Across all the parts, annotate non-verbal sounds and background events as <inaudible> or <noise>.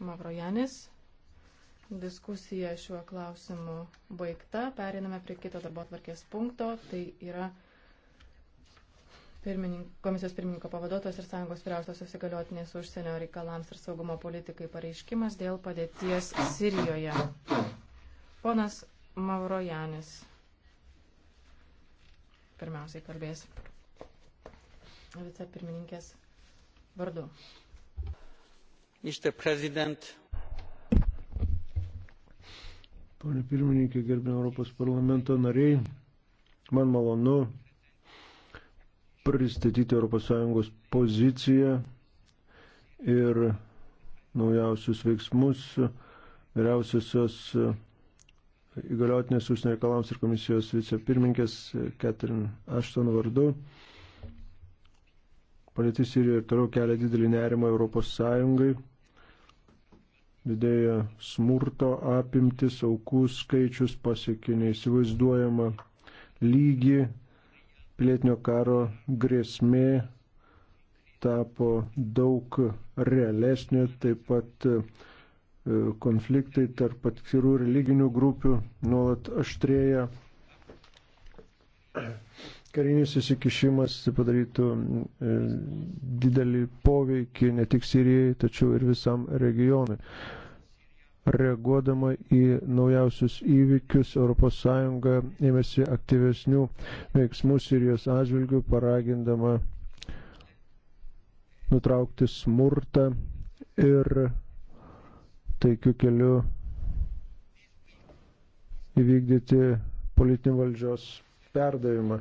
Mavrojanis. Diskusija šiuo klausimu baigta. Periname prie kito darbo atvarkės punkto. Tai yra pirmininko, komisijos pirmininko pavaduotos ir sąjungos vyriausiosios įgaliotinės užsienio reikalams ir saugumo politikai pareiškimas dėl padėties Sirijoje. Ponas Mavrojanis pirmiausiai kalbės vicepirmininkės vardu. Mr. President. Pone pirmininkė, gerbė Europos parlamento nariai, man malonu pristatyti ES poziciją ir naujausius veiksmus vyriausiosios įgaliotinės užsienio reikalams ir komisijos vicepirminkės Catherine Ashton vardu. Padėtis Sirijoje ir toliau kelia didelį nerimą Europos Sąjungai didėja smurto apimtis, aukų skaičius pasiekė neįsivaizduojama lygi, pilietinio karo grėsmė tapo daug realesnė, taip pat e, konfliktai tarp atskirų religinių grupių nuolat aštrėja karinis įsikišimas padarytų e, didelį poveikį ne tik Sirijai, tačiau ir visam regionui. Reaguodama į naujausius įvykius, ES ėmėsi aktyvesnių veiksmų Sirijos atžvilgių, paragindama nutraukti smurtą ir taikiu keliu įvykdyti politinį valdžios perdavimą.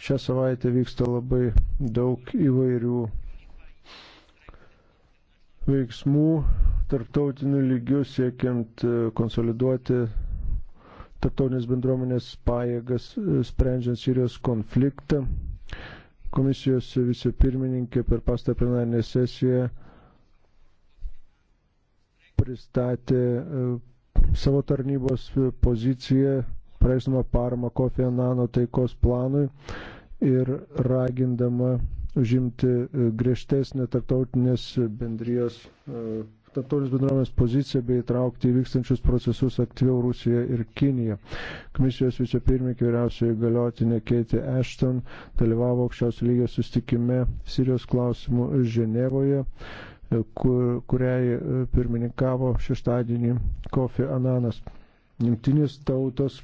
Šią savaitę vyksta labai daug įvairių veiksmų tarptautinių lygių siekiant e, konsoliduoti tarptautinės bendruomenės pajėgas, e, sprendžiant Sirijos konfliktą. Komisijos vicepirmininkė per pastą plenarinę sesiją pristatė e, savo tarnybos poziciją praeisama parama Kofi Anano taikos planui ir ragindama užimti e, griežtesnę tarptautinės bendrijos, e, tarptautinės bendruomenės poziciją bei įtraukti įvykstančius procesus aktyviau Rusiją ir Kiniją. Komisijos vicepirmininkė vyriausioji galiotinė Keitė Ashton dalyvavo aukščiausio lygio sustikime Sirijos klausimų Ženevoje e, kur, kuriai pirmininkavo šeštadienį Kofi Ananas. Jungtinės tautos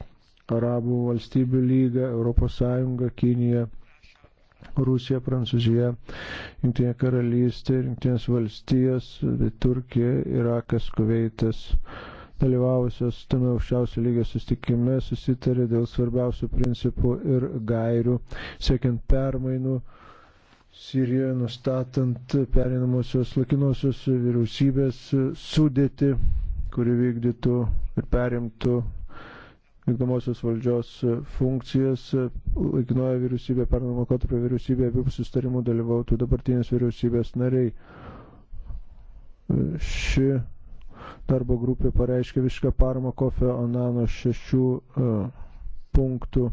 Arabų valstybių lyga, Europos Sąjunga, Kinija, Rusija, Prancūzija, Junktinė karalystė, Junktinės valstijos, tai Turkija, Irakas, Kuveitas dalyvavusios tame aukščiausio lygio sustikime susitarė dėl svarbiausių principų ir gairių, siekiant permainų Sirijoje, nustatant perinamosios laikinosios vyriausybės sudėti, kuri vykdytų ir perimtų vykdomosios valdžios e, funkcijas. E, Laikinoja vyriausybė, pernamo kotropio vyriausybė, abiejų sustarimų dalyvautų dabartinės vyriausybės nariai. E, ši darbo grupė pareiškė viską paramą Kofio Onano šešių punktų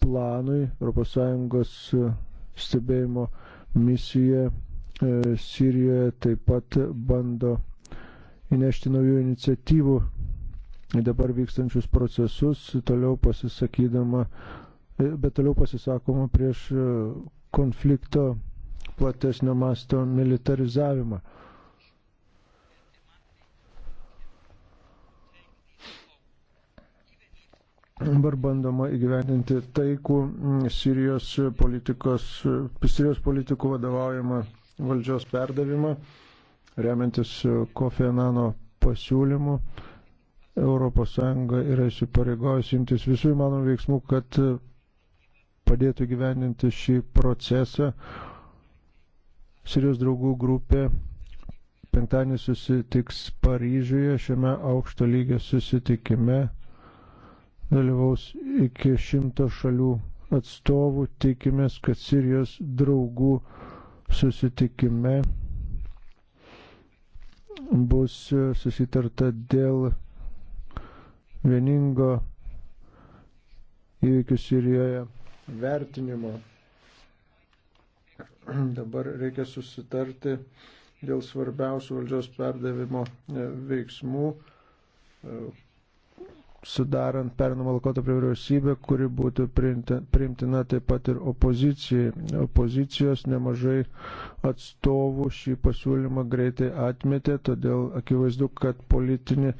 planui ES stebėjimo misija Sirijoje taip pat bando įnešti naujų iniciatyvų dabar vykstančius procesus, toliau pasisakydama, e, bet toliau pasisakoma prieš e, konflikto platesnio masto militarizavimą. Dabar bandoma įgyvendinti taikų Sirijos, politikos, Sirijos politikų vadovaujamą valdžios perdavimą, remiantis Kofi Anano pasiūlymu. ES yra įsipareigojusi imtis visų įmanomų veiksmų, kad e, padėtų gyveninti šį procesą. Sirijos draugų grupė penktadienį susitiks Paryžiuje šiame aukšto lygio susitikime. Dalyvaus iki šimto šalių atstovų. Tikimės, kad Sirijos draugų susitikime bus e, susitarta dėl vieningo įvykių Sirijoje vertinimo. <clears throat> Dabar reikia susitarti dėl svarbiausių valdžios perdavimo e, veiksmų, e, sudarant pernamą laikotarpį vyriausybę, kuri būtų priimtina taip pat ir opozicijai. Opozicijos nemažai atstovų šį pasiūlymą greitai atmetė, todėl akivaizdu, kad politinį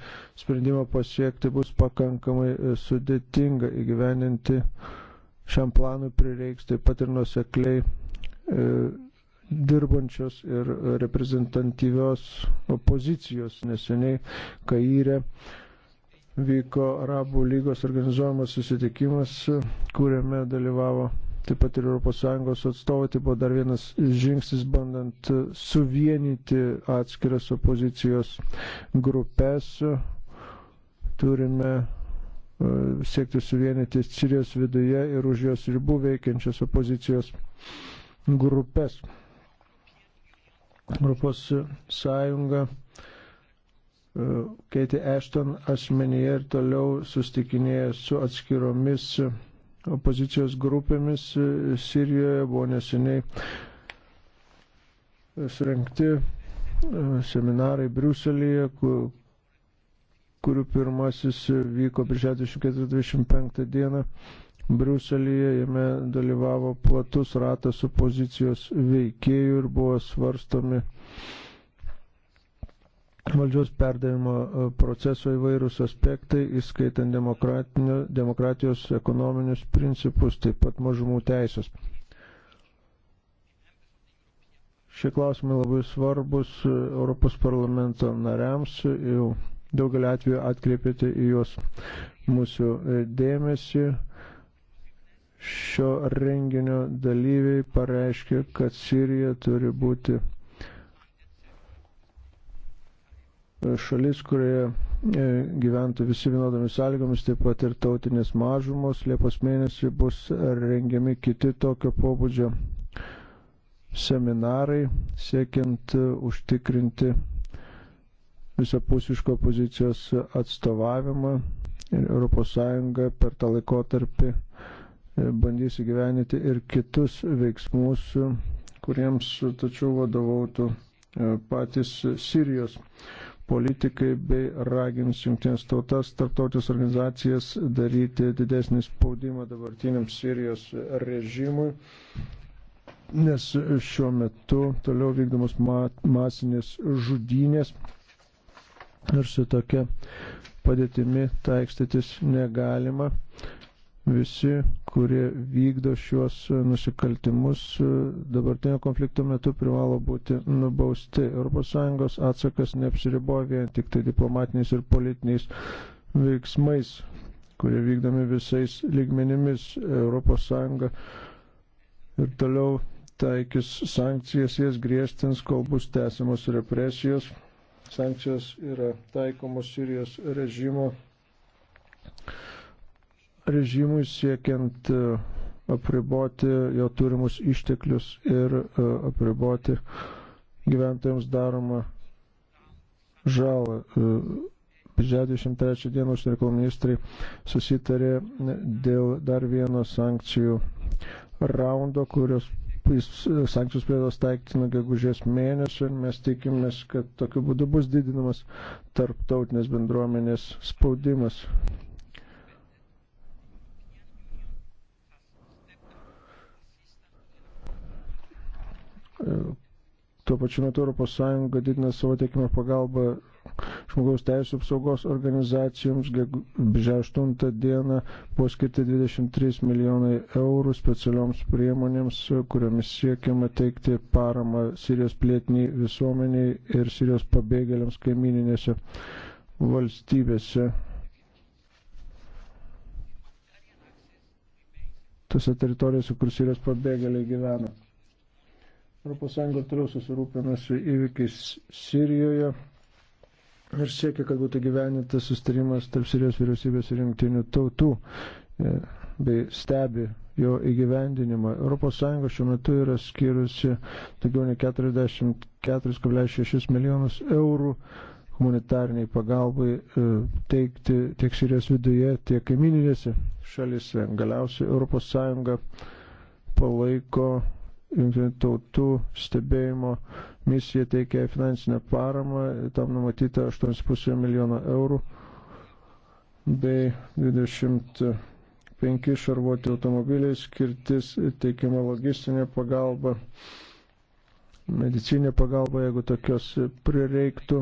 sprendimą pasiekti bus pakankamai e, sudėtinga įgyveninti. Šiam planui prireiks taip pat ir nusekliai e, dirbančios ir reprezentatyvios opozicijos neseniai kairė. E, vyko Arabų lygos organizuojamas susitikimas, kuriame dalyvavo taip pat ir ES atstovai. Tai buvo dar vienas žingsnis bandant suvienyti atskiras opozicijos grupės. Turime e, siekti suvienyti Sirijos viduje ir už jos ribų veikiančias opozicijos grupės. Europos Sąjunga Keitė Ešton asmenyje ir toliau sustikinėja su atskiromis opozicijos grupėmis Sirijoje, buvo neseniai surinkti e, seminarai Briuselėje, kur, kurių pirmasis vyko birželio 24-25 dieną. Briuselėje jame dalyvavo platus ratas opozicijos veikėjų ir buvo svarstomi uh, valdžios perdavimo e, proceso įvairūs aspektai, įskaitant demokratijos ekonominius principus, taip pat mažumų teisės. Šie klausimai labai svarbus e, Europos parlamento nariams, jau daugelį atvejų atkreipėte į juos mūsų e, dėmesį. Šio renginio dalyviai pareiškia, kad Sirija turi būti šalis, kurioje e, gyventų visi vienodomis sąlygomis, taip pat ir tautinės mažumos. Liepos mėnesį bus rengiami kiti tokio pobūdžio seminarai, siekiant e, užtikrinti visapusiško pozicijos atstovavimą ir ES per tą laikotarpį e, bandys įgyveninti ir kitus veiksmus, kuriems tačiau vadovautų patys Sirijos politikai bei ragins jungtinės tautas, tarptautės organizacijas daryti didesnį spaudimą dabartiniam Sirijos režimui, nes šiuo metu toliau vykdomos masinės žudynės ir su tokia padėtimi taikstytis negalima visi, kurie vykdo šiuos nusikaltimus e, dabartinio konflikto metu privalo būti nubausti. ES atsakas neapsiriboja vien tik tai diplomatiniais ir politiniais veiksmais, kurie vykdomi visais lygmenimis. ES ir toliau taikys sankcijas, jas griežtins, kol bus tęsiamos represijos. Sankcijos yra taikomos Sirijos režimo režimui siekiant e, apriboti jo turimus išteklius ir e, apriboti gyventojams daromą žalą. E, birželio 23 dieną užsienio reikalų ministrai susitarė dėl dar vieno sankcijų raundo, kurios sankcijos pradėtos taikyti nuo gegužės mėnesio ir mes tikimės, kad tokiu būdu bus didinamas tarptautinės bendruomenės spaudimas Tuo pačiu metu ES didina savo tiekimą pagalbą žmogaus teisų apsaugos organizacijoms. Birželio 8 dieną buvo skirti 23 milijonai eurų specialioms priemonėms, kuriomis siekiama teikti paramą Sirijos plėtiniai visuomeniai ir Sirijos pabėgėliams kaimininėse valstybėse. Tose teritorijose, kur Sirijos pabėgėliai gyvena. ES toliau susirūpina su įvykiais Sirijoje ir siekia, kad būtų gyvenintas sustarimas tarp Sirijos vyriausybės ir jungtinių tautų e, bei stebi jo įgyvendinimą. ES šiuo metu yra skyrusi daugiau nei 44,6 milijonus eurų humanitariniai pagalbai e, teikti tiek Sirijos viduje, tiek kaimininėse šalise. Galiausiai ES palaiko jungtinių tautų stebėjimo misija teikia finansinę paramą, tam numatyta 8,5 milijono eurų bei 25 šarvuoti automobiliai skirtis teikiama logistinė pagalba, medicinė pagalba, jeigu tokios prireiktų.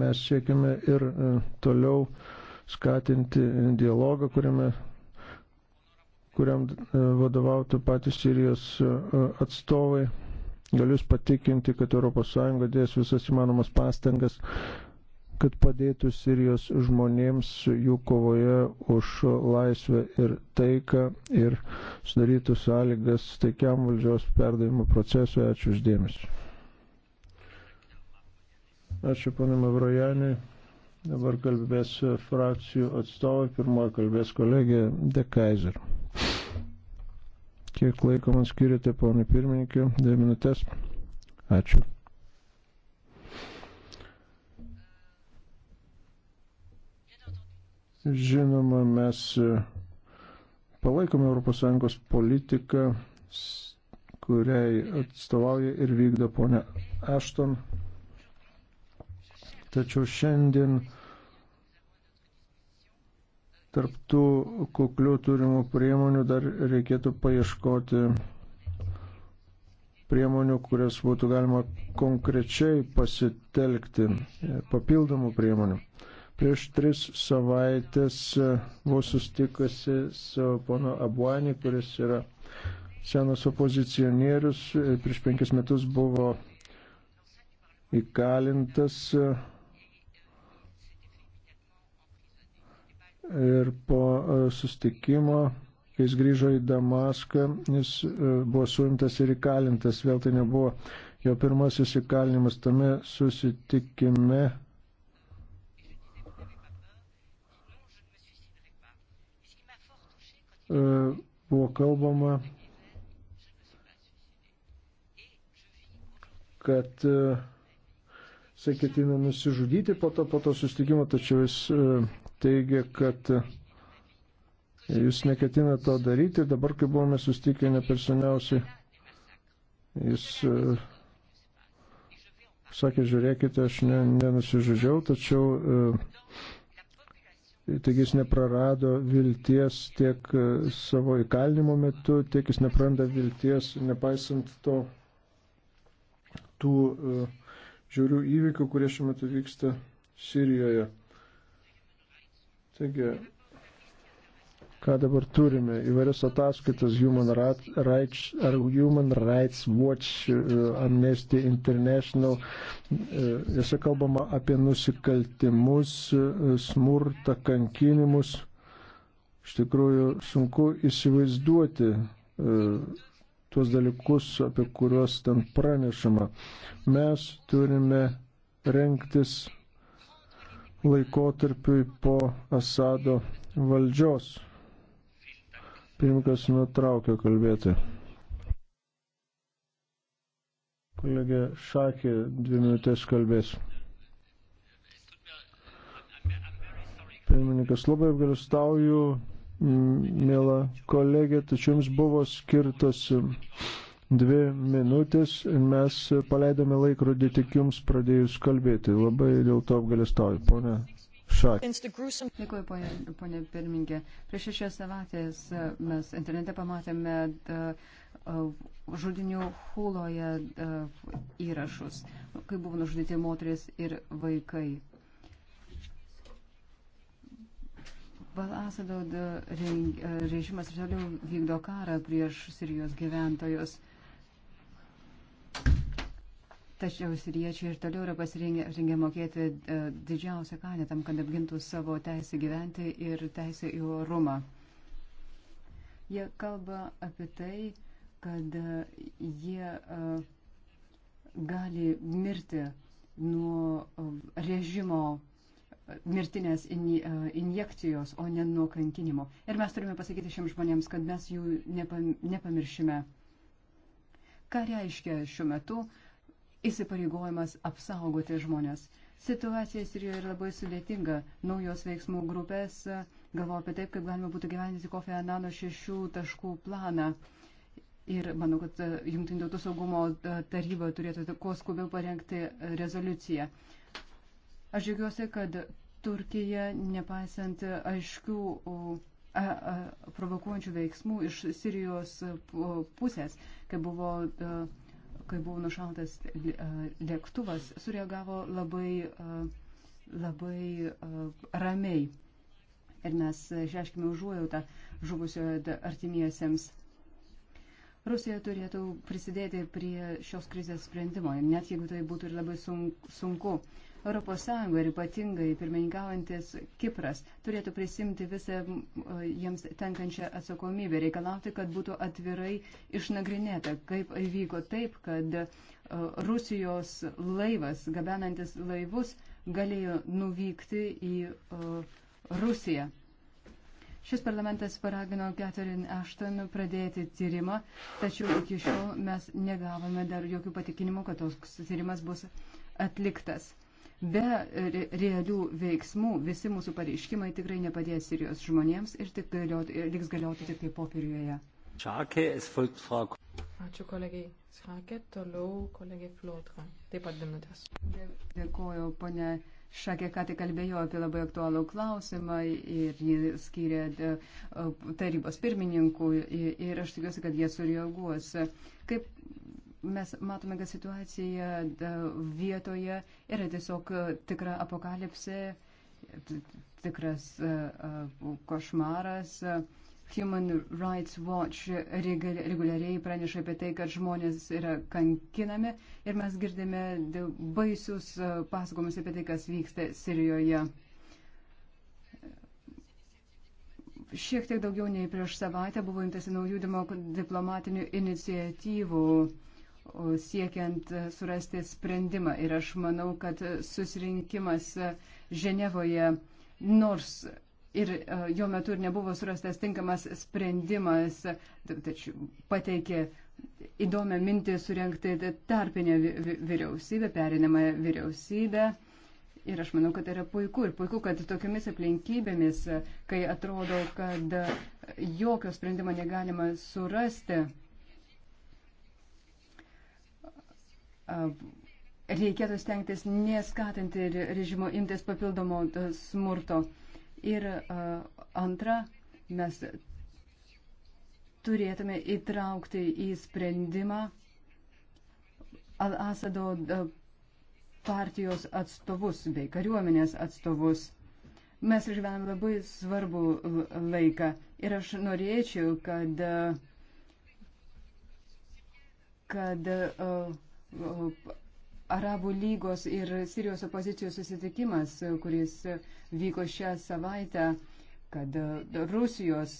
Mes siekime ir e, toliau skatinti dialogą, kuriame kuriam e, vadovautų patys Sirijos e, atstovai. Galiu patikinti, kad ES dės visas įmanomas pastangas, kad padėtų Sirijos žmonėms jų kovoje už laisvę ir taiką ir sudarytų sąlygas taikiam valdžios perdavimo procesui. Ačiū uždėmesi. Ačiū panai Mavrojaniui. Dabar kalbės frakcijų atstovai. Pirmoji kalbės kolegė De Kaiser. Kiek laiko man skiriate, ponai pirmininkė? Dvi minutės. Ačiū. Žinoma, mes e, palaikome ES politiką, kuriai atstovauja ir vykdo ponia Ashton. Tačiau šiandien tarptų kuklių turimų priemonių dar reikėtų paieškoti priemonių, kurias būtų galima konkrečiai pasitelkti, papildomų priemonių. Prieš tris savaitės e, buvau sustikusi su pono Abuani, kuris yra senas opozicionierius, e, prieš penkis metus buvo įkalintas e, ir po e, sustikimo, kai jis grįžo į Damaską, jis e, buvo suimtas ir įkalintas, vėl tai nebuvo jo pirmasis įkalinimas tame susitikime. E, buvo kalbama, kad jisai ketina nusižudyti po to, po to sustikimo, tačiau jis teigia, kad jūs neketina to daryti. Dabar, kai buvome sustikę nepersoniausiai, jis e, sakė, žiūrėkite, aš ne, nenusižudžiau, tačiau e, taigi jis neprarado vilties tiek e, savo įkalinimo metu, tiek jis nepraranda vilties, nepaisant to, tų žiaurių įvykių, kurie šiuo metu vyksta Sirijoje. Taigi, ką dabar turime? Įvairias ataskaitas Human Rights, ar Human Rights Watch, e, Amnesty International. E, jose kalbama apie nusikaltimus, e, smurtą, kankinimus. Iš tikrųjų, sunku įsivaizduoti tuos dalykus, apie kuriuos ten pranešama. Mes turime renktis laikotarpiui po Asado valdžios. Pirmininkas nutraukė kalbėti. Kolegė Šakė dvi minutės kalbės. Pirmininkas, labai apgalstauju, mėla kolegė, tačiau jums buvo skirtas dvi minutės ir mes paleidome laikrodį tik jums pradėjus kalbėti. Labai dėl to apgalėstoju, ponė Dėkuoju, ponė, ponė pirmininkė. Prieš šešias savaitės mes internete pamatėme žudinių huloje įrašus, kai buvo nužudyti moteris ir vaikai. Balasado režimas ir toliau vykdo karą prieš Sirijos gyventojus. Tačiau siriečiai ir toliau yra pasirengę mokėti e, didžiausią kainą tam, kad apgintų savo teisę gyventi ir teisę į orumą. Jie kalba apie tai, kad e, jie e, gali mirti nuo režimo mirtinės injekcijos, o ne nuo kankinimo. Ir mes turime pasakyti šiems žmonėms, kad mes jų nepamiršime. Ką reiškia šiuo metu uh, įsipareigojimas apsaugoti žmonės. Situacija Sirijoje yra labai sudėtinga. Naujos veiksmų grupės e, galvoja apie taip, kaip galima būtų gyventi Kofi Anano šešių taškų planą. Ir manau, kad e, Junktinių tautų saugumo e, taryba turėtų kuo skubiau parengti rezoliuciją. Aš džiaugiuosi, kad Turkija, nepaisant aiškių a, a, provokuojančių veiksmų iš Sirijos pusės, kai buvo a, kai buvo nušaltas e, lėktuvas, sureagavo labai, e, labai e, ramiai. Ir mes išreiškime užuojautą žuvusiojo artimiesiems. Rusija turėtų prisidėti prie šios krizės sprendimo, net jeigu tai būtų ir labai sunku. ES ir ypatingai pirmininkaujantis Kipras turėtų prisimti visą jiems tenkančią atsakomybę, reikalauti, kad būtų atvirai išnagrinėta, kaip įvyko taip, kad Rusijos laivas, gabenantis laivus, galėjo nuvykti į Rusiją. Šis parlamentas paragino Catherine Ashton pradėti tyrimą, tačiau iki šiol mes negavome dar jokių patikinimų, kad toks tyrimas bus atliktas. Be realių veiksmų visi mūsų pareiškimai tikrai nepadės Sirijos žmonėms ir tik galioti, liks galioti tik tai popieriuje. Ačiū kolegiai Šakė, toliau kolegiai Fliotra. Taip pat dvi minutės. Dėkuoju, ponė Šakė, ką tik kalbėjau apie labai aktualų klausimą ir jį skyrė e, tarybos pirmininkui ir aš tikiuosi, kad jie sureaguos. Kaip mes matome, kad situacija vietoje yra tiesiog e, tikra apokalipsė, tikras e, e, košmaras. Human Rights Watch reguliariai praneša apie tai, kad žmonės yra kankinami ir mes girdime baisius pasakomus apie tai, kas vyksta Sirijoje. Šiek tiek daugiau nei prieš savaitę buvo imtasi naujų diplomatinių iniciatyvų siekiant surasti sprendimą. Ir aš manau, kad susirinkimas Ženevoje, nors ir e, jo metu ir nebuvo surastas tinkamas sprendimas, tačiau pateikė įdomią mintį surenkti tarpinę vyriausybę, perinamą vyriausybę. Ir aš manau, kad tai yra puiku. Ir puiku, kad tokiamis aplinkybėmis, kai atrodo, kad jokio sprendimo negalima surasti, reikėtų stengtis neskatinti režimo imtis papildomo e, smurto. Ir e, antra, mes turėtume įtraukti į sprendimą Al-Asado e, partijos atstovus bei kariuomenės atstovus. Mes išgyvenam labai svarbų laiką ir aš norėčiau, kad, kad uh, Arabų lygos ir Sirijos opozicijos susitikimas, kuris vyko šią savaitę, kad Rusijos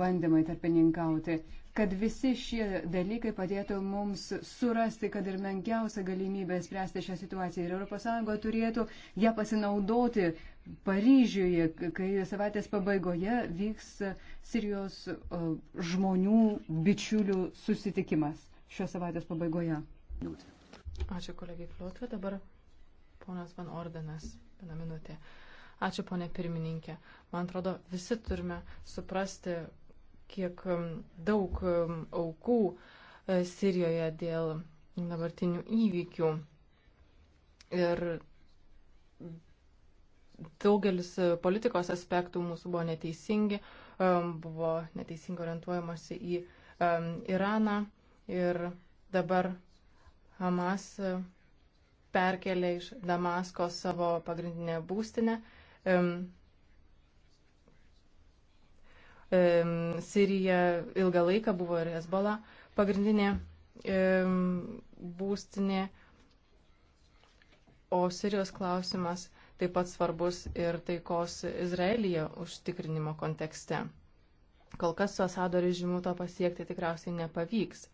bandymai tarpininkauti, kad visi šie dalykai padėtų mums surasti, kad ir menkiausia galimybė spręsti šią situaciją. Ir ES turėtų ją pasinaudoti Paryžiuje, kai savaitės pabaigoje vyks Sirijos žmonių bičiulių susitikimas šios savaitės pabaigoje. Minutė. Ačiū kolegai Flotvė, dabar ponas Van Ordenas, vieną minutę. Ačiū ponė pirmininkė. Man atrodo, visi turime suprasti, kiek um, daug um, aukų e, Sirijoje dėl dabartinių įvykių. Ir daugelis e, politikos aspektų mūsų buvo neteisingi, um, buvo neteisingai orientuojamasi į Iraną ir dabar Hamas perkelė iš Damasko savo pagrindinę būstinę. Um, um, Sirija ilgą laiką buvo ir Hezbollah pagrindinė um, būstinė, o Sirijos klausimas taip pat svarbus ir taikos Izraelyje užtikrinimo kontekste. Kol kas su Asado režimu to pasiekti tikriausiai nepavyks.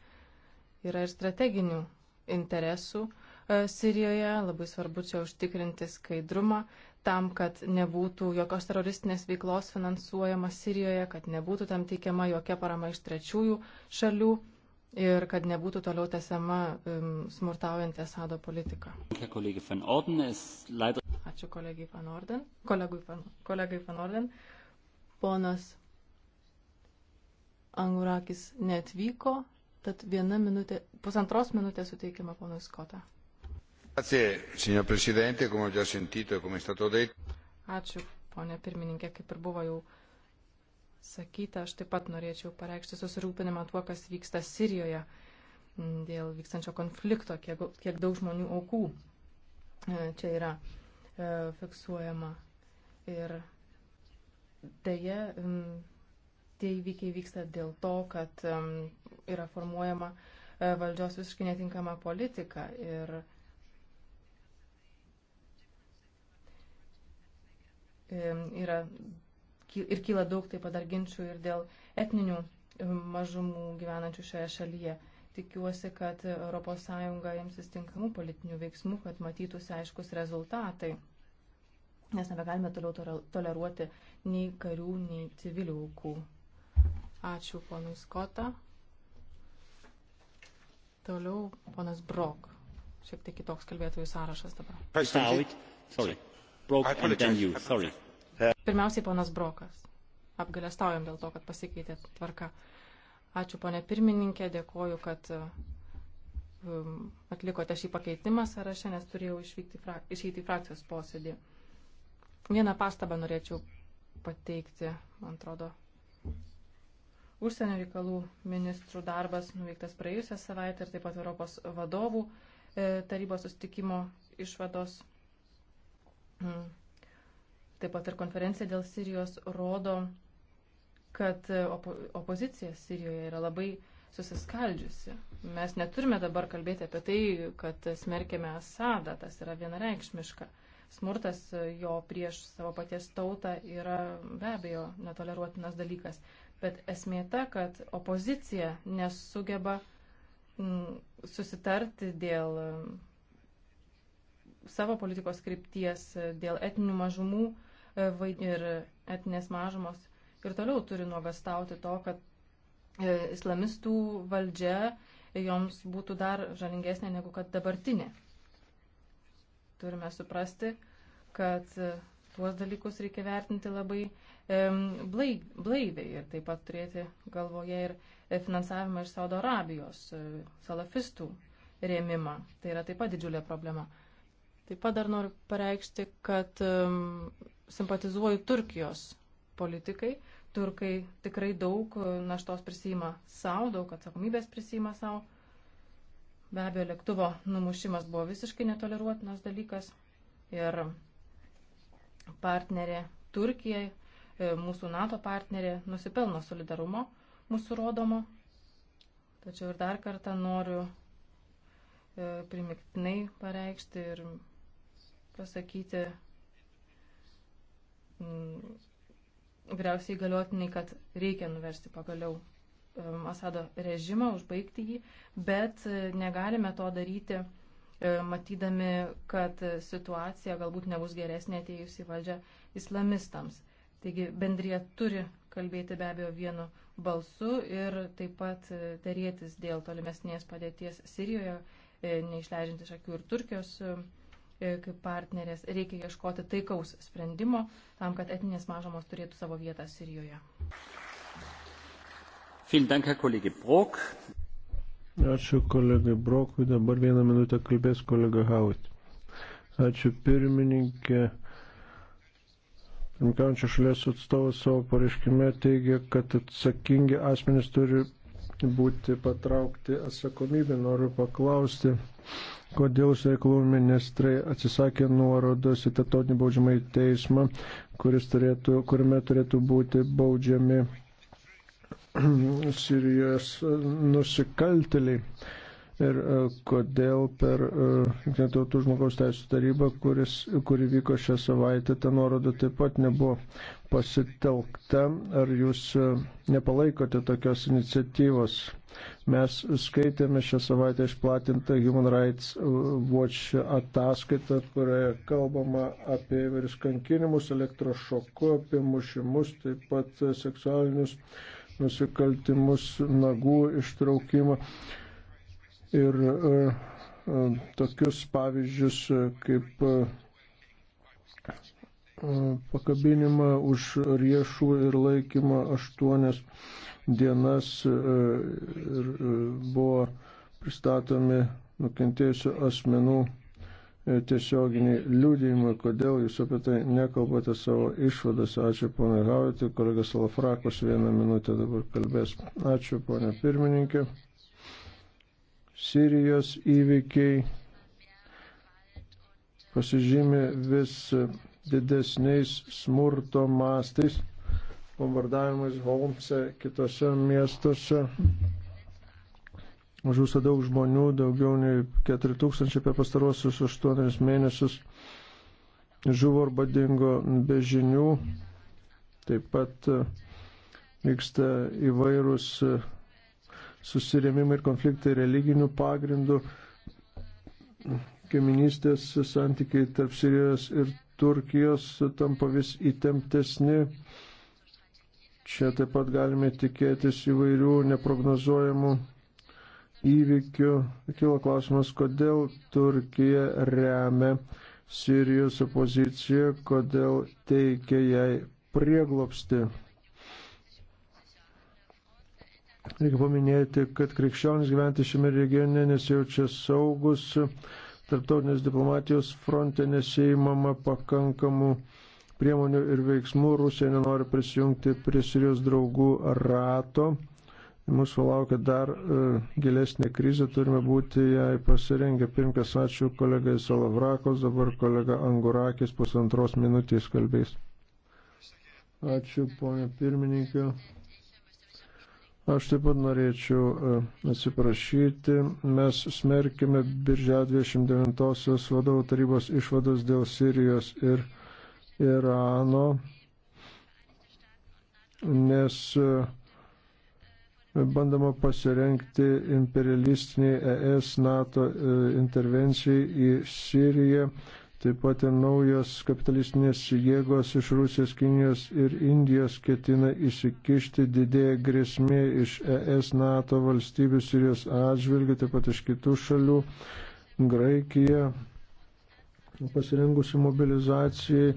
Yra ir strateginių interesų e, Sirijoje, labai svarbu čia užtikrinti skaidrumą tam, kad nebūtų jokios teroristinės veiklos finansuojama Sirijoje, kad nebūtų tam teikiama jokia parama iš trečiųjų šalių ir kad nebūtų toliau tesama um, smurtaujantį Asado politiką. Ačiū kolegai Van Orden. Kolegui Van, kolegai Van Orden. Ponas Angurakis netvyko, Tad viena minutė, pusantros minutės suteikiama ponui Skota. E Ačiū, ponė pirmininkė, kaip ir buvo jau sakyta, aš taip pat norėčiau pareikšti susirūpinimą tuo, kas vyksta Sirijoje dėl vykstančio konflikto, kiek, kiek daug žmonių aukų e, čia yra e, fiksuojama. Ir dėje. M, tie įvykiai vyksta dėl to, kad yra formuojama e, valdžios visiškai netinkama politika. Ir yra, ir kyla daug taip pat dar ginčių ir dėl etninių mažumų gyvenančių šioje šalyje. Tikiuosi, kad ES imsis tinkamų politinių veiksmų, kad matytųsi aiškus rezultatai. Nes nebegalime toliau toleruoti nei karių, nei civilių aukų. Ačiū ponui Skota. Toliau ponas Brok. Šiek tiek kitoks kalbėtojų sąrašas dabar. Pirmiausiai ponas Brokas. Apgalėstaujam dėl to, kad pasikeitė tvarka. Ačiū ponė pirmininkė, dėkoju, kad um, atlikote šį pakeitimą sąrašą, nes turėjau išvykti, išeiti į frakcijos posėdį. Vieną pastabą norėčiau pateikti, man atrodo, užsienio reikalų ministrų darbas nuveiktas praėjusią savaitę ir taip pat Europos vadovų e, tarybos sustikimo išvados. Mm. Taip pat ir konferencija dėl Sirijos rodo, kad e, opo opozicija Sirijoje yra labai susiskaldžiusi. Mes neturime dabar kalbėti apie tai, kad smerkėme Asadą, tas yra vienareikšmiška. Smurtas e, jo prieš savo paties tautą yra be abejo netoleruotinas dalykas. Bet esmė ta, kad opozicija nesugeba mm, susitarti dėl mm, savo politikos krypties, dėl etninių mažumų e, ir etinės mažumos ir toliau turi nuogastauti to, kad e, islamistų valdžia joms būtų dar žalingesnė negu kad dabartinė. Turime suprasti, kad tuos dalykus reikia vertinti labai blaiviai ir taip pat turėti galvoje ir e, finansavimą iš Saudo Arabijos, e, salafistų rėmimą. Tai yra taip pat didžiulė problema. Taip pat dar noriu pareikšti, kad simpatizuoju Turkijos politikai. Turkai tikrai daug e, naštos prisima savo, daug atsakomybės prisima savo. Be abejo, lėktuvo numušimas buvo visiškai netoleruotinas dalykas. Ir partnerė Turkija, e, mūsų NATO partnerė, nusipelno solidarumo mūsų rodomo. Tačiau ir dar kartą noriu e, primiktinai pareikšti ir pasakyti mm, vyriausiai galiotiniai, kad reikia nuversti pagaliau e, Asado režimą, užbaigti jį, bet negalime to daryti E, matydami, kad situacija galbūt nebus geresnė atėjus į valdžią islamistams. Taigi bendrija turi kalbėti be abejo vienu balsu ir taip pat e, dėrėtis dėl tolimesnės padėties Sirijoje, e, neišleidžiant iš akių ir Turkijos kaip partnerės. Reikia ieškoti taikaus sprendimo tam, kad etinės mažomos turėtų savo vietą Sirijoje. Vielen Dank, Herr Kollege Brok. Ačiū kolegai Brokui, dabar vieną minutę kalbės kolega Haut. Ačiū pirmininkė. Pirmkiaujančio šalies atstovas savo pareiškime teigia, kad atsakingi asmenys turi būti patraukti atsakomybė. Noriu paklausti, kodėl reikalų ministrai atsisakė nuorodos į tarptautinį baudžiamąjį teismą, turėtų, kuriame turėtų būti baudžiami Sirijos nusikalteliai ir e, kodėl per e, Junktinių tautų žmogaus teisų tarybą, kuris, kuri vyko šią savaitę, ta nuoroda taip pat nebuvo pasitelkta. Ar jūs e, nepalaikote tokios iniciatyvos? Mes skaitėme šią savaitę išplatintą Human Rights Watch ataskaitą, kurioje kalbama apie įvairius kankinimus, elektrošoku, apie mušimus, taip pat seksualinius nusikaltimus, nagų ištraukimą ir e, e, tokius pavyzdžius e, kaip pakabinimą už riešų ir laikymą aštuonias dienas ir buvo pristatomi nukentėjusių asmenų E, tiesioginį liūdėjimą, kodėl jūs apie tai nekalbate savo išvadose. Ačiū ponai Haujtai, kolega Salafrakos vieną minutę dabar kalbės. Ačiū ponė pirmininkė. Sirijos įvykiai pasižymi vis didesniais smurto mastais, bombardavimais Holmse, kitose miestuose žūsta daug žmonių, daugiau nei 4000 per pastaruosius 8 mėnesius žuvo arba dingo be žinių. Taip pat e, vyksta įvairūs e, susirėmimai ir konfliktai religinių pagrindų. Kaiminystės santykiai tarp Sirijos ir Turkijos tampa vis įtemptesni. Čia taip pat galime tikėtis įvairių neprognozuojamų įvykių kilo klausimas, kodėl Turkija remia Sirijos opoziciją, kodėl teikia jai prieglopsti. Reikia paminėti, kad krikščionis gyventi šiame regione nesijaučia saugus, tarptautinės diplomatijos fronte nesijimama pakankamų priemonių ir veiksmų, Rusija nenori prisijungti prie Sirijos draugų rato Mūsų laukia dar e, gilesnė krizė, turime būti jai pasirengę. Pirmkas, ačiū kolegai Salavrakos, dabar kolega Angurakis pusantros minutės kalbės. Ačiū, ponė pirmininkė. Aš taip pat norėčiau e, atsiprašyti. Mes smerkime Birželio 29-osios vadovų tarybos išvados dėl Sirijos ir Irano, nes uh, bandoma pasirenkti imperialistiniai ES NATO e, intervencijai į Siriją, taip pat ir naujos kapitalistinės jėgos iš Rusijos, Kinijos ir Indijos ketina įsikišti didėję grėsmė iš ES NATO valstybių Sirijos atžvilgių, taip pat iš kitų šalių. Graikija pasirengusi mobilizacijai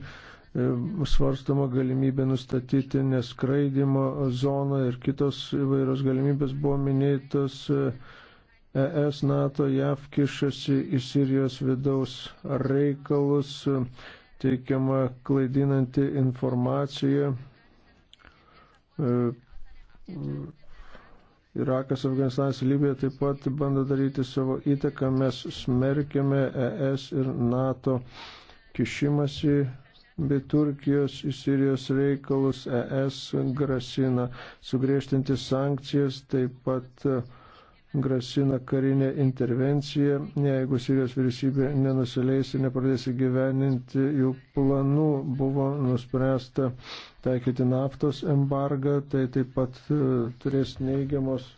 E, svarstama galimybė nustatyti neskraidimo zoną ir kitos įvairios galimybės buvo minėtos. ES, e NATO, JAV kišasi į Sirijos vidaus reikalus, e, teikiama klaidinanti informacija. Irakas, Afganistanas, Libija taip pat bando daryti savo įtaką. Mes smerkėme ES ir NATO kišimasi bei Turkijos į Sirijos reikalus ES grasina sugriežtinti sankcijas, taip pat e, grasina karinė intervencija, jeigu Sirijos vyriausybė nenusileis ir nepradės įgyveninti jų planų, buvo nuspręsta taikyti naftos embargą, tai taip pat e, turės neigiamos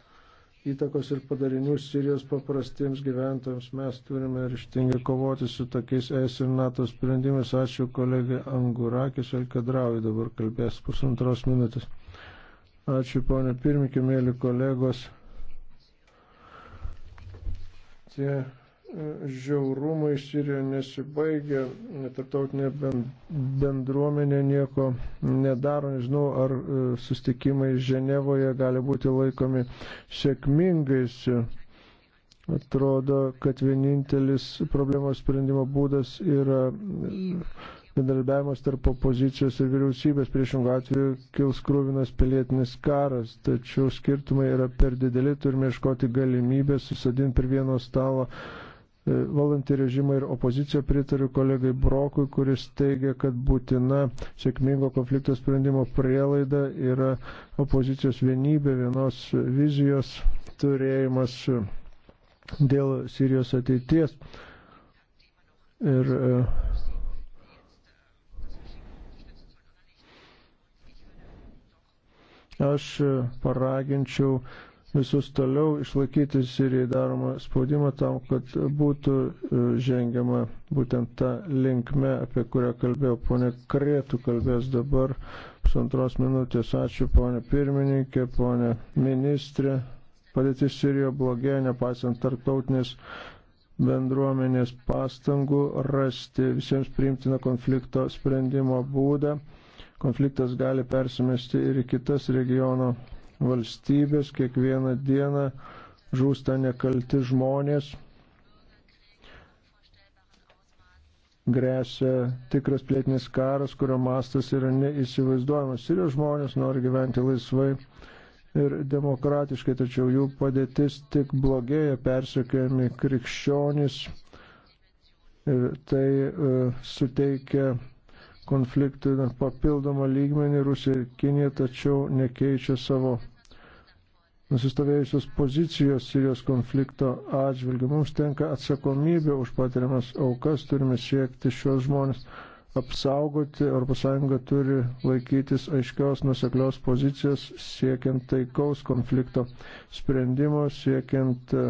įtakos ir padarinių Sirijos paprastiems gyventojams. Mes turime ryštingai kovoti su tokiais ES ir NATO sprendimais. Ačiū kolegai Angurakis Alkadraui, dabar kalbės pusantros minutės. Ačiū ponė pirmininkė, mėly kolegos. Tie žiaurumai Sirijoje nesibaigia, tarptautinė bendruomenė nieko nedaro. Nežinau, ar e, sustikimai Ženevoje gali būti laikomi sėkmingais. Atrodo, kad vienintelis problemos sprendimo būdas yra bendradarbiavimas tarp opozicijos ir vyriausybės, priešingų atveju kils krūvinas pilietinis karas, tačiau skirtumai yra per dideli, turime iškoti galimybę susadinti per vieno stalo uh, E, valdantį režimą ir opoziciją pritariu kolegai Brokui, kuris teigia, kad būtina sėkmingo konflikto sprendimo prielaida yra opozicijos vienybė, vienos vizijos turėjimas dėl Sirijos ateities. Ir e, aš paraginčiau visus toliau išlaikyti Sirijai daromą spaudimą tam, kad būtų e, žengiama būtent ta linkme, apie kurią kalbėjau. Pone Krėtų kalbės dabar pusantros minutės. Ačiū, ponė pirmininkė, ponė ministrė. Padėtis Sirijoje blogėja, nepaisant tarptautinės bendruomenės pastangų rasti visiems priimtiną konflikto sprendimo būdą. Konfliktas gali persimesti ir į kitas regiono valstybės, kiekvieną dieną žūsta nekalti žmonės, grėsia tikras plėtinis karas, kurio mastas yra neįsivaizduojamas. Sirijos žmonės nori gyventi laisvai ir demokratiškai, tačiau jų padėtis tik blogėja, persiekėjami krikščionys ir tai uh, suteikia konfliktui papildomą lygmenį Rusija ir Kinija, tačiau nekeičia savo nusistovėjusios pozicijos Sirijos konflikto atžvilgių. Mums tenka atsakomybė už patiriamas aukas, turime siekti šios žmonės apsaugoti. ES turi laikytis aiškios nuseklios pozicijos siekiant taikaus konflikto sprendimo, siekiant e,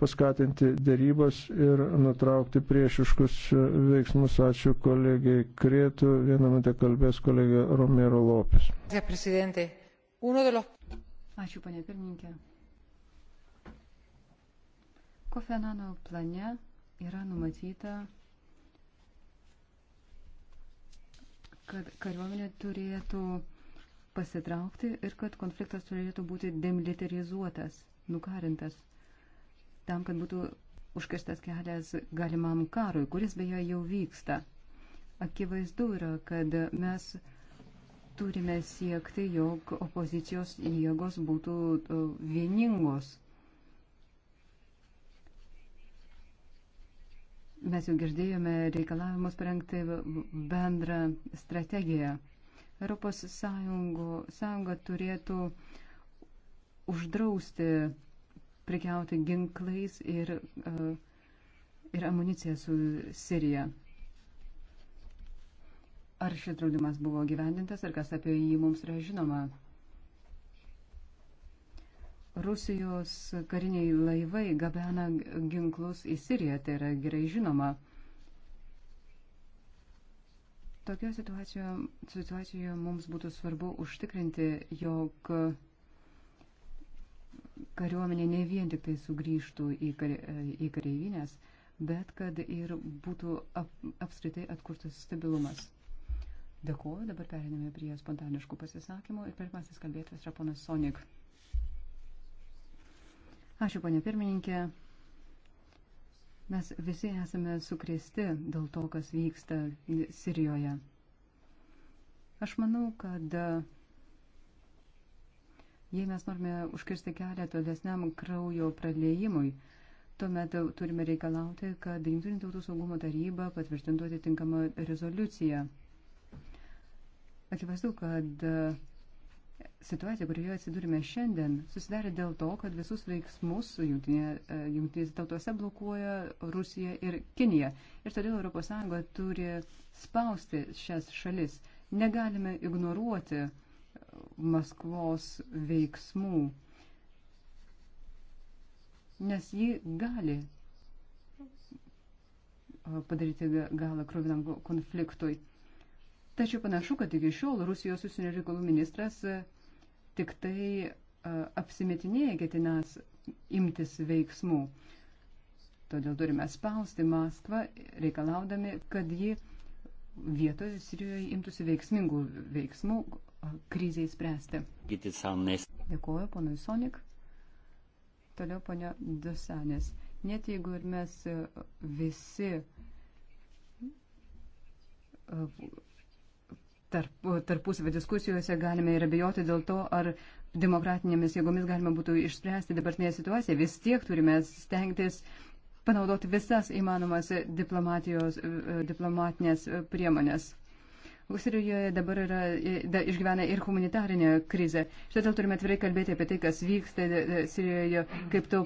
paskatinti dėrybas ir nutraukti priešiškus e, veiksmus. Ačiū kolegijai Krėtų. Vieną minutę kalbės kolegija Romero Lopis. Gracias, uno de los. Ačiū, panė pirmininkė. Kofenano plane yra numatyta, kad kariuomenė turėtų pasitraukti ir kad konfliktas turėtų būti demilitarizuotas, nukarintas, tam, kad būtų užkirstas kelias galimam karui, kuris beje jau vyksta. Akivaizdu yra, kad mes turime siekti, jog opozicijos jėgos būtų e, vieningos. Mes jau girdėjome reikalavimus parengti bendrą strategiją. Europos Sąjungo, Sąjunga turėtų uždrausti prekiauti ginklais ir, e, ir amuniciją su Sirija. Ar šis draudimas buvo gyvendintas ir kas apie jį mums yra žinoma? Rusijos kariniai laivai gabena ginklus į Siriją, tai yra gerai žinoma. Tokio situacijoje, situacijoje mums būtų svarbu užtikrinti, jog kariuomenė ne vien tik tai sugrįžtų į, kare, į kareivinės, bet kad ir būtų ap, apskritai atkurtas stabilumas. Dėkuoju, dabar periname prie spontaniškų pasisakymų ir pirmasis kalbėtas yra ponas Sonik. Ačiū, ponė pirmininkė. Mes visi esame sukrėsti dėl to, kas vyksta Sirijoje. Aš manau, kad jei mes norime užkirsti kelią tolesniam kraujo praleimui, tuomet turime reikalauti, kad Junktinių tautų saugumo taryba patvirtintų atitinkamą rezoliuciją. Akivaizdu, kad e, situacija, kurioje atsidūrime šiandien, susidarė dėl to, kad visus veiksmus e, jungtinės tautose blokuoja Rusija ir Kinija. Ir todėl ES turi spausti šias šalis. Negalime ignoruoti e, Maskvos veiksmų, nes ji gali padaryti galą krovinam konfliktui. Tačiau panašu, kad iki šiol Rusijos užsienio reikalų ministras e, tik tai e, apsimetinėja ketinas imtis veiksmų. Todėl turime spausti Maskvą, reikalaudami, kad ji vietoje Sirijoje imtųsi veiksmingų veiksmų e, kriziai spręsti. Dėkuoju, ponui Sonik. Toliau, ponio Dusanės. Net jeigu ir mes visi tarp, tarpusavio diskusijose galime ir abejoti dėl to, ar demokratinėmis jėgomis galima būtų išspręsti dabartinę situaciją. Vis tiek turime stengtis panaudoti visas įmanomas e, e, diplomatinės priemonės. Sirijoje dabar yra, e, da, išgyvena ir humanitarinė krizė. Štai dėl turime atvirai kalbėti apie tai, kas vyksta Sirijoje, kaip to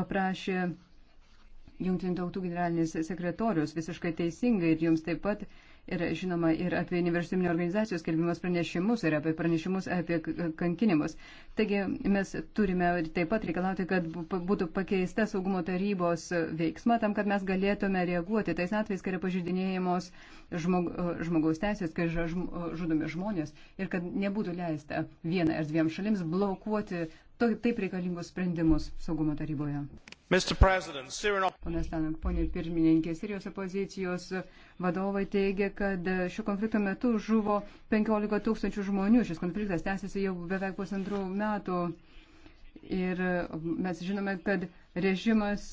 paprašė Junktinių tautų generalinis sekretorius visiškai teisingai ir jums taip pat uh, Ir žinoma, ir apie universitetinio organizacijos skelbimus pranešimus, ir apie pranešimus apie kankinimus. Taigi mes turime taip pat reikalauti, kad būtų pakeista saugumo tarybos veiksma tam, kad mes galėtume reaguoti tais atvejais, kai yra pažydinėjimos žmog, žmogaus teisės, kai yra žm, žudomi žmonės ir kad nebūtų leista vienai ar dviem šalims blokuoti taip reikalingus sprendimus saugumo taryboje. Ponas Tanak, ponė pirmininkė, Sirijos opozicijos vadovai teigia, kad šio konflikto metu žuvo 15 tūkstančių žmonių. Šis konfliktas tęsiasi jau beveik pusantrų metų. Ir mes žinome, kad režimas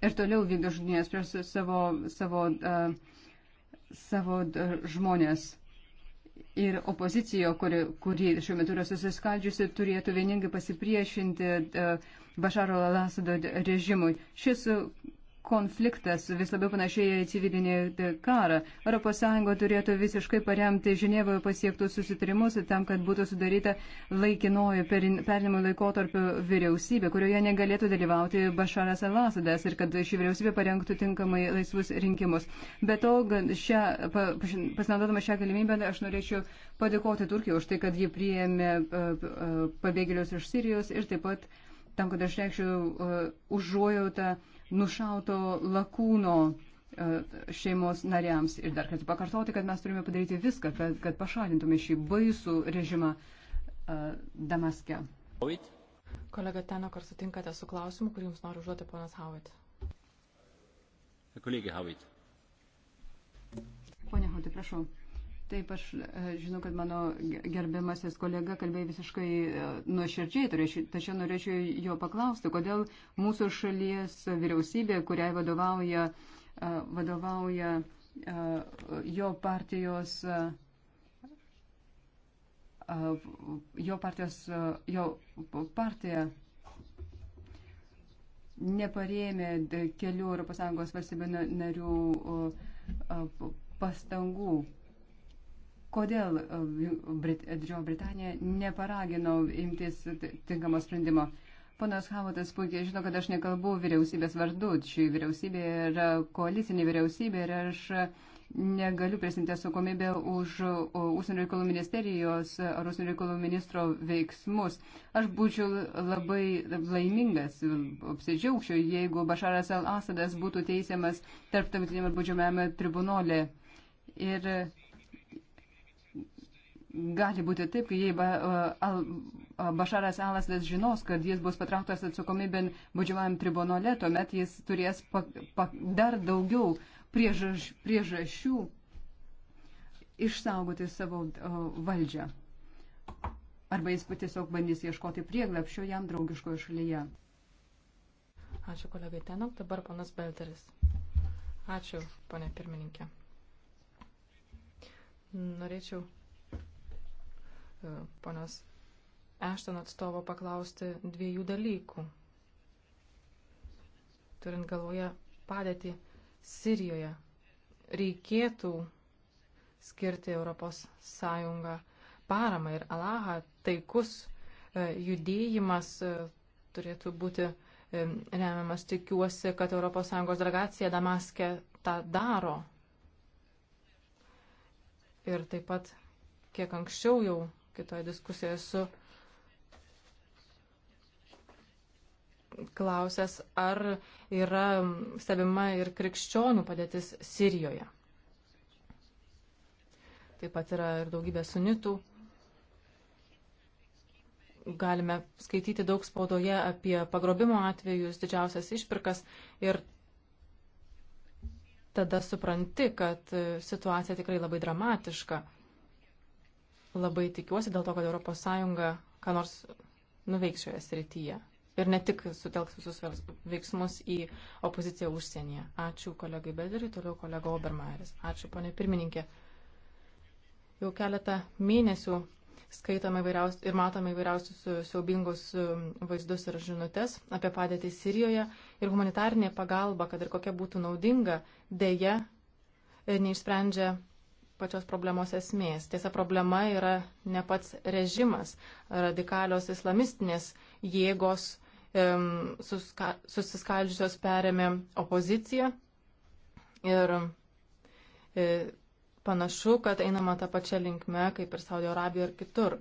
ir toliau vykdo žudinės prieš savo, savo, savo žmonės ir opozicija, kuri, kuri šiuo metu yra susiskaldžiusi, turėtų vieningai pasipriešinti e, Bašaro Alasado režimui. Šis konfliktas vis labiau panašėja į civilinį e, karą. ES turėtų visiškai paremti Ženevoje pasiektus susitarimus tam, kad būtų sudaryta laikinojo perinimo laikotarpio vyriausybė, kurioje negalėtų dalyvauti Bašaras Alasadas ir kad ši vyriausybė parengtų tinkamai laisvus rinkimus. Be to, šią, pasinaudodama šią galimybę, aš norėčiau padėkoti Turkijai už tai, kad ji priėmė e, e, pabėgėlius iš Sirijos ir taip pat tam, kad aš reikščiau uh, užuojautą uh, nušauto lakūno e, šeimos nariams. Ir dar kartą pakartoti, kad mes turime padaryti viską, kad, kad pašalintume šį baisų režimą uh, Damaske. Kolega Tenok, ar sutinkate su klausimu, kurį jums noriu užduoti ponas Howitt? Kolegė Howitt. Pone Howitt, prašau. Taip, aš e, žinau, kad mano gerbiamasis kolega kalbėjo visiškai e, nuoširdžiai, tai tačiau norėčiau jo paklausti, kodėl mūsų šalies vyriausybė, kuriai vadovauja, e, vadovauja jo partijos, jo partijos, jo partija neparėmė kelių ES valstybių narių pastangų kodėl e, Brit, Didžioji Britanija neparagino imtis tinkamo sprendimo. Ponas Havotas puikiai žino, kad aš nekalbu vyriausybės vardu. Ši vyriausybė yra koalicinė vyriausybė ir aš negaliu prisimti atsakomybę už užsienio reikalų ministerijos ar užsienio reikalų ministro veiksmus. Aš būčiau labai laimingas, apsidžiaugčiau, jeigu Bašaras Al-Asadas būtų teisiamas tarptautiniame baudžiamame tribunolė. Ir Gali būti taip, kad jei ba, al, Bašaras Alasdas žinos, kad jis bus patrauktas atsakomybėn būdžiamajam tribunole, tuomet jis turės pa, pa, dar daugiau priežaš, priežasčių išsaugoti savo o, valdžią. Arba jis tiesiog bandys ieškoti prieglapščio jam draugiškoje šalyje. Ačiū kolegai Tenok, dabar panas Belteris. Ačiū, ponė pirmininkė. Norėčiau E, ponios Ešton atstovo paklausti dviejų dalykų. Turint galvoje padėti Sirijoje, reikėtų skirti Europos Sąjungą paramą ir Alahą taikus e, judėjimas e, turėtų būti remiamas. Tikiuosi, kad ES delegacija Damaskė tą daro. Ir taip pat, kiek anksčiau jau kitoje diskusijoje su klausęs, ar yra stebima ir krikščionų padėtis Sirijoje. Taip pat yra ir daugybė sunitų. Galime skaityti daug spaudoje apie pagrobimo atvejus, didžiausias išpirkas ir tada supranti, kad situacija tikrai labai dramatiška labai tikiuosi dėl to, kad ES ką nors nuveiks šioje srityje. Ir ne tik sutelks visus veiksmus į opoziciją užsienyje. Ačiū kolegai Bederiui, toliau kolega Obermaeris. Ačiū, ponė pirmininkė. Jau keletą mėnesių skaitome ir matome įvairiausius e, siaubingus e, vaizdus ir žinutės apie padėtį Sirijoje ir humanitarinė pagalba, kad ir kokia būtų naudinga, dėja e, neišsprendžia pačios problemos esmės. Tiesa, problema yra ne pats režimas, radikalios islamistinės jėgos um, suska, susiskaldžiusios perėmė opoziciją ir e, panašu, kad einama tą pačią linkmę, kaip ir Saudio Arabijoje ir kitur.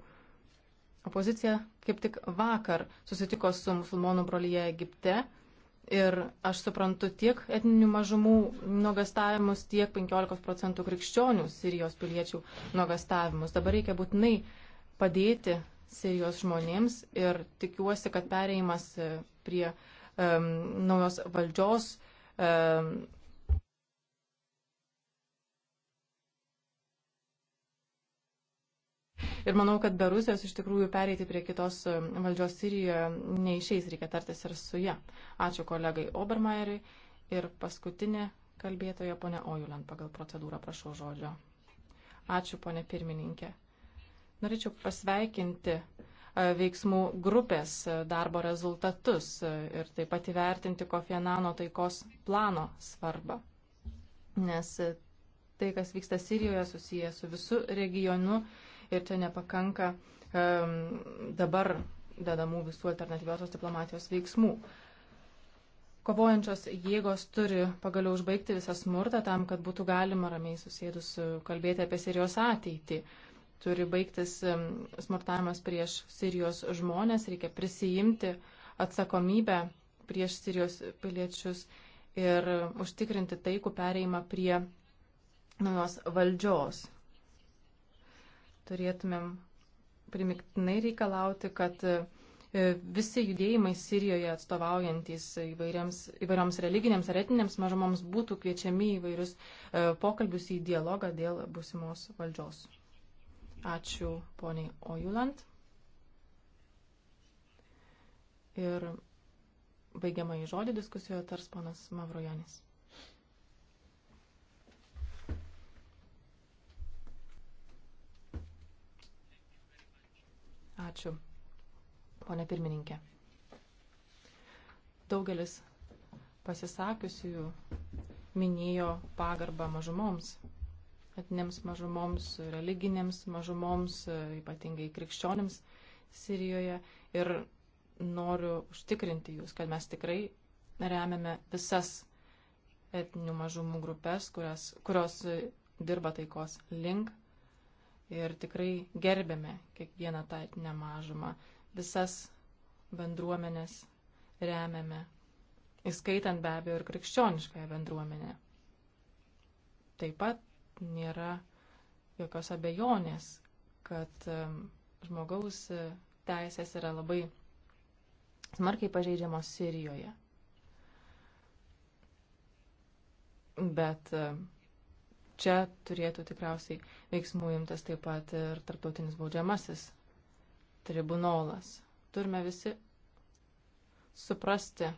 Opozicija kaip tik vakar susitiko su musulmonų brolyje Egipte Ir aš suprantu tiek etninių mažumų nuogastavimus, tiek 15 procentų krikščionių Sirijos piliečių nuogastavimus. Dabar reikia būtinai padėti Sirijos žmonėms ir tikiuosi, kad pereimas prie um, naujos valdžios um, Ir manau, kad be Rusijos iš tikrųjų pereiti prie kitos um, valdžios Sirijoje neišeis, reikia tartis ir su ja. Ačiū kolegai Obermeieriui. Ir paskutinė kalbėtoja ponė Ojuland pagal procedūrą prašau žodžio. Ačiū ponė pirmininkė. Norėčiau pasveikinti e, veiksmų grupės e, darbo rezultatus e, ir taip pat įvertinti Kofienano taikos plano svarbą. Nes tai, kas vyksta Sirijoje, susijęs su visu regionu ir čia nepakanka um, dabar dedamų visų alternatyviosios diplomatijos veiksmų. Kovojančios jėgos turi pagaliau užbaigti visą smurtą tam, kad būtų galima ramiai susėdus e, kalbėti apie Sirijos ateitį. Turi baigtis smurtavimas prieš Sirijos žmonės, reikia prisijimti atsakomybę prieš Sirijos piliečius ir užtikrinti taikų pereimą prie naujos valdžios turėtumėm primiktinai reikalauti, kad e, visi judėjimai Sirijoje atstovaujantis įvairioms religinėms ar etinėms mažumoms būtų kviečiami į vairius e, pokalbius į dialogą dėl būsimos valdžios. Ačiū poniai Ojuland. Ir baigiamąjį žodį diskusijoje tars ponas Mavrojanis. Ačiū, ponė pirmininkė. Daugelis pasisakiusiųjų minėjo pagarbą mažumoms, etnėms mažumoms, religinėms mažumoms, ypatingai krikščionims Sirijoje. Ir noriu užtikrinti jūs, kad mes tikrai remiame visas etninių mažumų grupės, kurias, kurios dirba taikos link ir tikrai gerbėme kiekvieną tą etinę mažumą, visas bendruomenės remiame, įskaitant be abejo ir krikščioniškąją bendruomenę. Taip pat nėra jokios abejonės, kad žmogaus teisės yra labai smarkiai pažeidžiamos Sirijoje. Bet čia turėtų tikriausiai veiksmų imtas taip pat ir tarptautinis baudžiamasis tribunolas. Turime visi suprasti,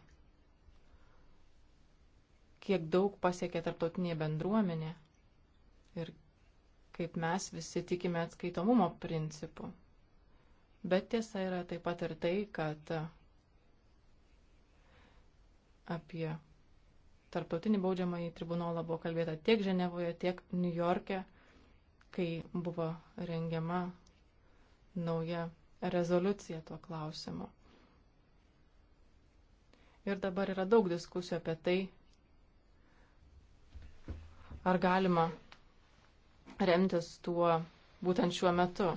kiek daug pasiekė tarptautinė bendruomenė ir kaip mes visi tikime atskaitomumo principų. Bet tiesa yra taip pat ir tai, kad apie tarptautinį baudžiamąjį tribunolą buvo kalbėta tiek Ženevoje, tiek New York'e, kai buvo rengiama nauja rezoliucija tuo klausimu. Ir dabar yra daug diskusijų apie tai, ar galima remtis tuo būtent šiuo metu.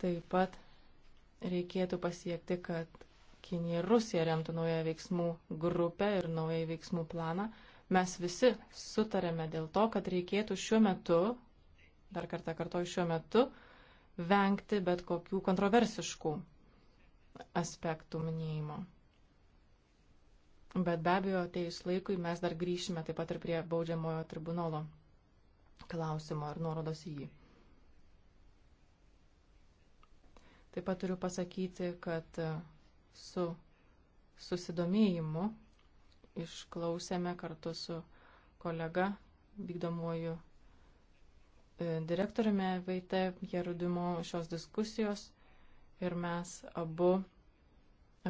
Taip pat reikėtų pasiekti, kad Kinija ir Rusija remtų naują veiksmų grupę ir naują veiksmų planą. Mes visi sutarėme dėl to, kad reikėtų šiuo metu, dar kartą kartoju, šiuo metu vengti bet kokių kontroversiškų aspektų minėjimo. Bet be abejo, atėjus laikui mes dar grįšime taip pat ir prie baudžiamojo tribunolo klausimo ir nuorodos į jį. Taip pat turiu pasakyti, kad e, su susidomėjimu išklausėme kartu su kolega vykdomuoju e, direktoriumi VT Jerudimu šios diskusijos ir mes abu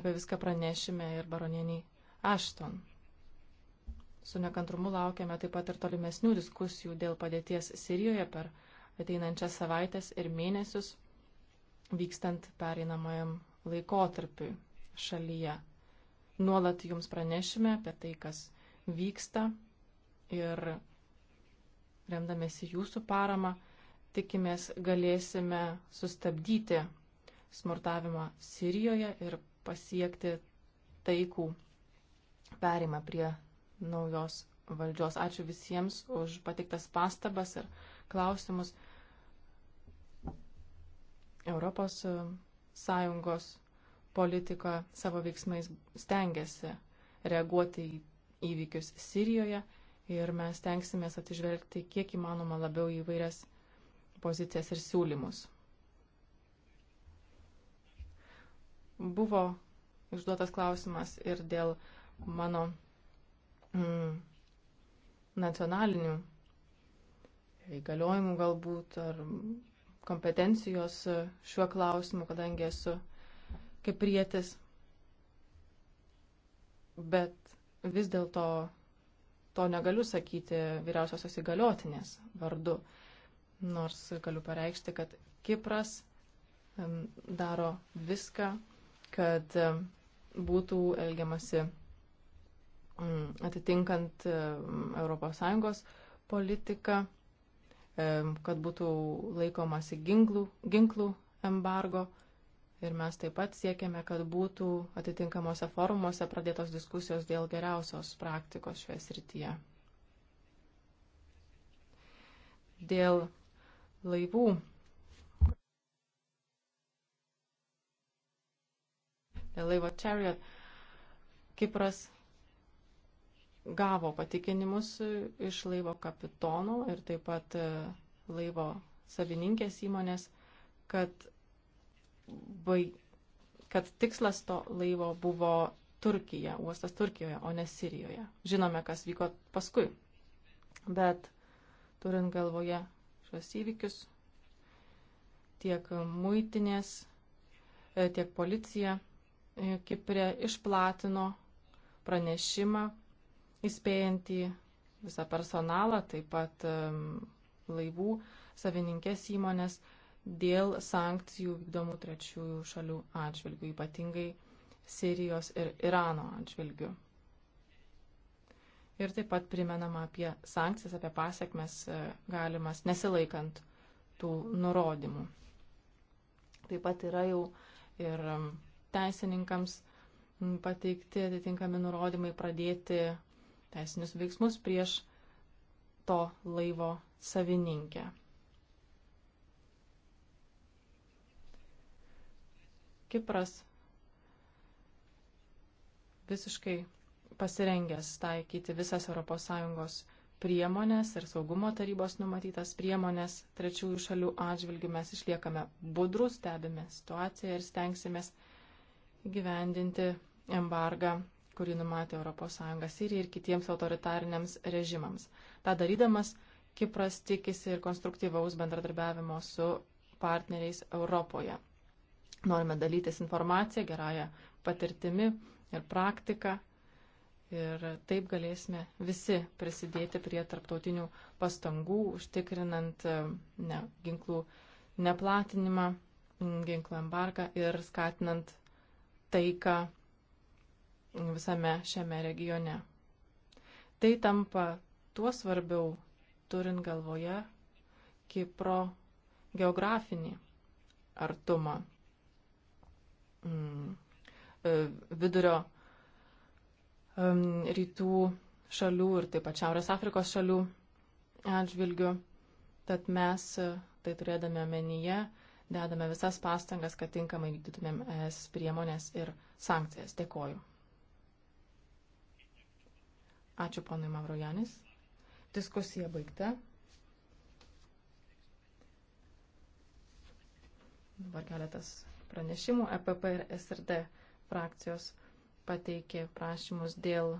apie viską pranešime ir baronieniai Ašton. Su nekantrumu laukiame taip pat ir tolimesnių diskusijų dėl padėties Sirijoje per ateinančias savaitės ir mėnesius vykstant pereinamajam laikotarpiui šalyje. Nuolat jums pranešime apie tai, kas vyksta ir remdamėsi jūsų parama, tikimės galėsime sustabdyti smurtavimą Sirijoje ir pasiekti taikų perimą prie naujos valdžios. Ačiū visiems už patiktas pastabas ir klausimus. Europos e, Sąjungos politika savo veiksmais stengiasi reaguoti į įvykius Sirijoje ir mes tenksimės atižvelgti kiek įmanoma labiau į vairias pozicijas ir siūlymus. Buvo išduotas klausimas ir dėl mano mm, nacionalinių įgaliojimų galbūt ar kompetencijos e, šiuo klausimu, kadangi esu keprietis. Bet vis dėlto to negaliu sakyti vyriausiosios įgaliotinės vardu, nors galiu pareikšti, kad Kipras e, daro viską, kad e, būtų elgiamasi atitinkant ES politiką kad būtų laikomasi ginklų, ginklų embargo. Ir mes taip pat siekiame, kad būtų atitinkamuose forumuose pradėtos diskusijos dėl geriausios praktikos šioje srityje. Dėl laivų. Dėl laivo Chariot Kipras gavo patikinimus iš laivo kapitonų ir taip pat e, laivo savininkės įmonės, kad, baig... kad tikslas to laivo buvo Turkija, uostas Turkijoje, o ne Sirijoje. Žinome, kas vyko paskui. Bet turint galvoje šios įvykius, tiek muitinės, e, tiek policija e, Kiprė išplatino pranešimą, įspėjantį visą personalą, taip pat laivų savininkės įmonės dėl sankcijų vykdomų trečiųjų šalių atžvilgių, ypatingai Sirijos ir Irano atžvilgių. Ir taip pat primenama apie sankcijas, apie pasiekmes e, galimas nesilaikant tų nurodymų. Taip pat yra jau ir teisininkams pateikti atitinkami nurodymai pradėti teisinius veiksmus prieš to laivo savininkę. Kipras visiškai pasirengęs taikyti visas ES priemonės ir saugumo tarybos numatytas priemonės trečiųjų šalių atžvilgių mes išliekame budrus, stebime situaciją ir stengsimės gyvendinti embargą kurį numatė ES Sirijai ir kitiems autoritariniams režimams. Ta darydamas, Kipras tikisi ir konstruktyvaus bendradarbiavimo su partneriais Europoje. Norime dalytis informaciją, gerąją patirtimi ir praktiką ir taip galėsime visi prisidėti prie tarptautinių pastangų, užtikrinant e, ne, ginklų neplatinimą, ginklų embargą ir skatinant taiką visame šiame regione. Tai tampa tuo svarbiau, turint galvoje Kipro geografinį artumą. Mm. E, vidurio rytų šalių ir taip pat Šiaurės Afrikos šalių atžvilgių. Tad mes, e, tai turėdami omenyje, dedame visas pastangas, kad tinkamai vykdytumėm ES priemonės ir sankcijas. Dėkoju. Ačiū ponui Mavrojanis. Diskusija baigta. Dabar keletas pranešimų. EPP ir SRD frakcijos pateikė prašymus dėl